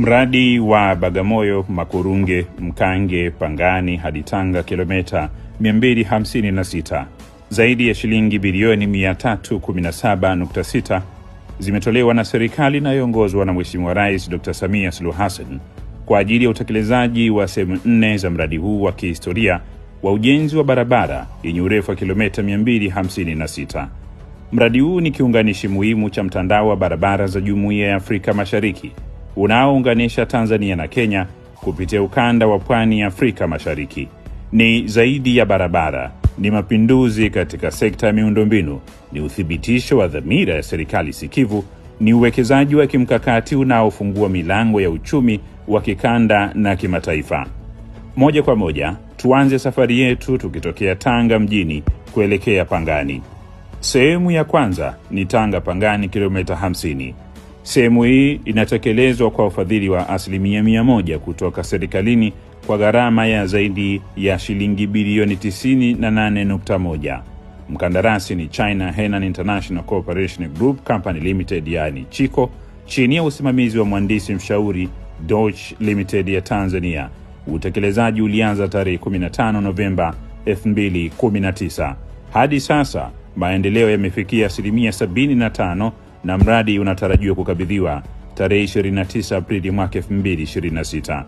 Mradi wa Bagamoyo Makurunge Mkange Pangani hadi Tanga kilometa 256 zaidi ya shilingi bilioni 317.6 zimetolewa na serikali inayoongozwa na Mheshimiwa Rais Dr. Samia sulu Hassan kwa ajili ya utekelezaji wa sehemu nne za mradi huu wa kihistoria wa ujenzi wa barabara yenye urefu wa kilometa 256. Mradi huu ni kiunganishi muhimu cha mtandao wa barabara za Jumuiya ya Afrika Mashariki unaounganisha Tanzania na Kenya kupitia ukanda wa pwani ya Afrika Mashariki. Ni zaidi ya barabara, ni mapinduzi katika sekta ya miundombinu, ni uthibitisho wa dhamira ya serikali sikivu, ni uwekezaji wa kimkakati unaofungua milango ya uchumi wa kikanda na kimataifa. Moja kwa moja tuanze safari yetu tukitokea Tanga mjini kuelekea Pangani. Sehemu ya kwanza ni Tanga Pangani, kilomita 50. Sehemu hii inatekelezwa kwa ufadhili wa asilimia mia moja kutoka serikalini kwa gharama ya zaidi ya shilingi bilioni 98.1. Mkandarasi ni China Henan International Cooperation Group Company Limited, yaani CHICO, chini ya usimamizi wa mhandisi mshauri Deutsche Limited ya Tanzania. Utekelezaji ulianza tarehe 15 Novemba 2019. Hadi sasa maendeleo yamefikia asilimia 75 na mradi unatarajiwa kukabidhiwa tarehe 29 Aprili mwaka 2026.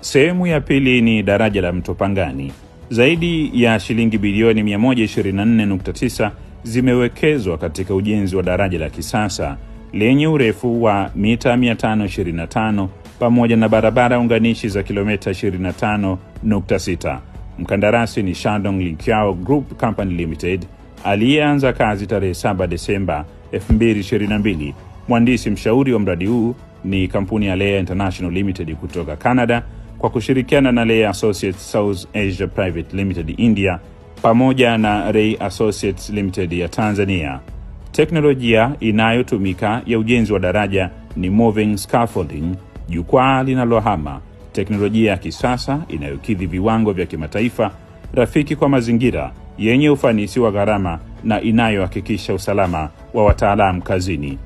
Sehemu ya pili ni daraja la mto Pangani. Zaidi ya shilingi bilioni 124.9 zimewekezwa katika ujenzi wa daraja la kisasa lenye urefu wa mita 525 pamoja na barabara unganishi za kilomita 25.6. Mkandarasi ni Shandong Linqiao Group Company Limited aliyeanza kazi tarehe 7 Desemba 2022. Mwandishi mshauri wa mradi huu ni kampuni ya Lea International Limited kutoka Canada kwa kushirikiana na Lea Associates South Asia Private Limited India pamoja na Ray Associates Limited ya Tanzania. Teknolojia inayotumika ya ujenzi wa daraja ni moving scaffolding, jukwaa linalohama, teknolojia ya kisasa inayokidhi viwango vya kimataifa, rafiki kwa mazingira, yenye ufanisi wa gharama na inayohakikisha usalama wa wataalam kazini.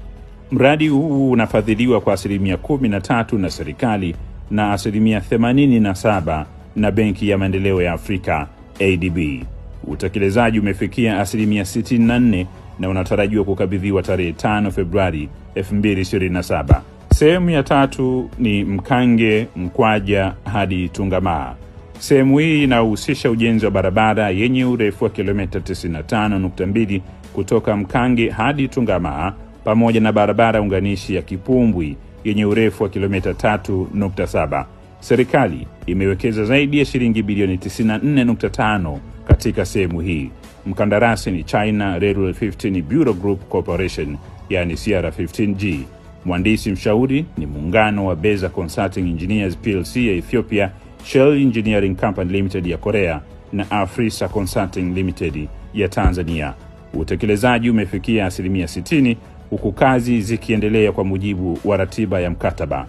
Mradi huu unafadhiliwa kwa asilimia 13 na serikali na asilimia 87 na Benki ya Maendeleo ya Afrika ADB. Utekelezaji umefikia asilimia 64 na unatarajiwa kukabidhiwa tarehe 5 Februari 2027. Sehemu ya tatu ni Mkange Mkwaja hadi Tungamaa. Sehemu hii inahusisha ujenzi wa barabara yenye urefu wa kilomita 95.2 kutoka Mkange hadi Tungamaa pamoja na barabara unganishi ya Kipumbwi yenye urefu wa kilomita 3.7. Serikali imewekeza zaidi ya shilingi bilioni 94.5 katika sehemu hii. Mkandarasi ni China Railway 15 Bureau Group Corporation, yani CR15G. Mwandisi mshauri ni muungano wa Beza Consulting Engineers PLC ya Ethiopia Shell Engineering Company Limited ya Korea na Afrisa Consulting Limited ya Tanzania. Utekelezaji umefikia asilimia 60 huku kazi zikiendelea kwa mujibu wa ratiba ya mkataba.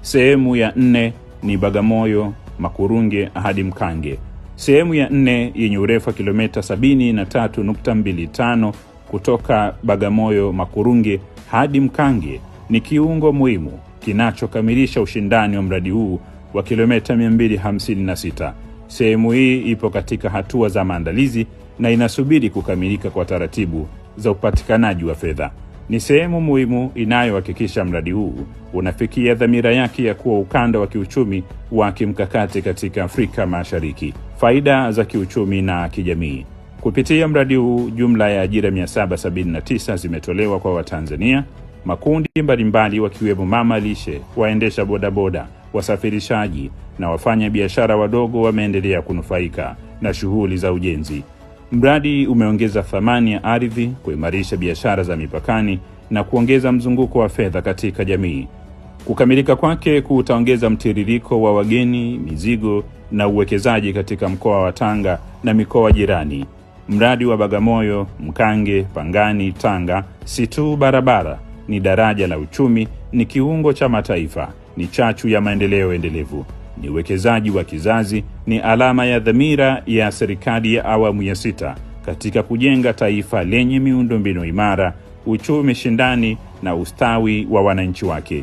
Sehemu ya nne ni Bagamoyo Makurunge hadi Mkange. Sehemu ya nne yenye urefu wa kilometa 73.25 kutoka Bagamoyo Makurunge hadi Mkange ni kiungo muhimu kinachokamilisha ushindani wa mradi huu wa kilomita 256. Sehemu hii ipo katika hatua za maandalizi na inasubiri kukamilika kwa taratibu za upatikanaji wa fedha. Ni sehemu muhimu inayohakikisha mradi huu unafikia dhamira yake ya kuwa ukanda wa kiuchumi wa kimkakati katika Afrika Mashariki. Faida za kiuchumi na kijamii. Kupitia mradi huu, jumla ya ajira 779 zimetolewa kwa Watanzania Makundi mbalimbali wakiwemo mama lishe, waendesha bodaboda, wasafirishaji na wafanya biashara wadogo wameendelea kunufaika na shughuli za ujenzi. Mradi umeongeza thamani ya ardhi, kuimarisha biashara za mipakani na kuongeza mzunguko wa fedha katika jamii. Kukamilika kwake kutaongeza mtiririko wa wageni, mizigo na uwekezaji katika mkoa wa Tanga na mikoa jirani. Mradi wa Bagamoyo, Mkange, Pangani, Tanga si tu barabara ni daraja la uchumi, ni kiungo cha mataifa, ni chachu ya maendeleo endelevu, ni uwekezaji wa kizazi, ni alama ya dhamira ya serikali ya awamu ya sita katika kujenga taifa lenye miundombinu imara, uchumi shindani na ustawi wa wananchi wake.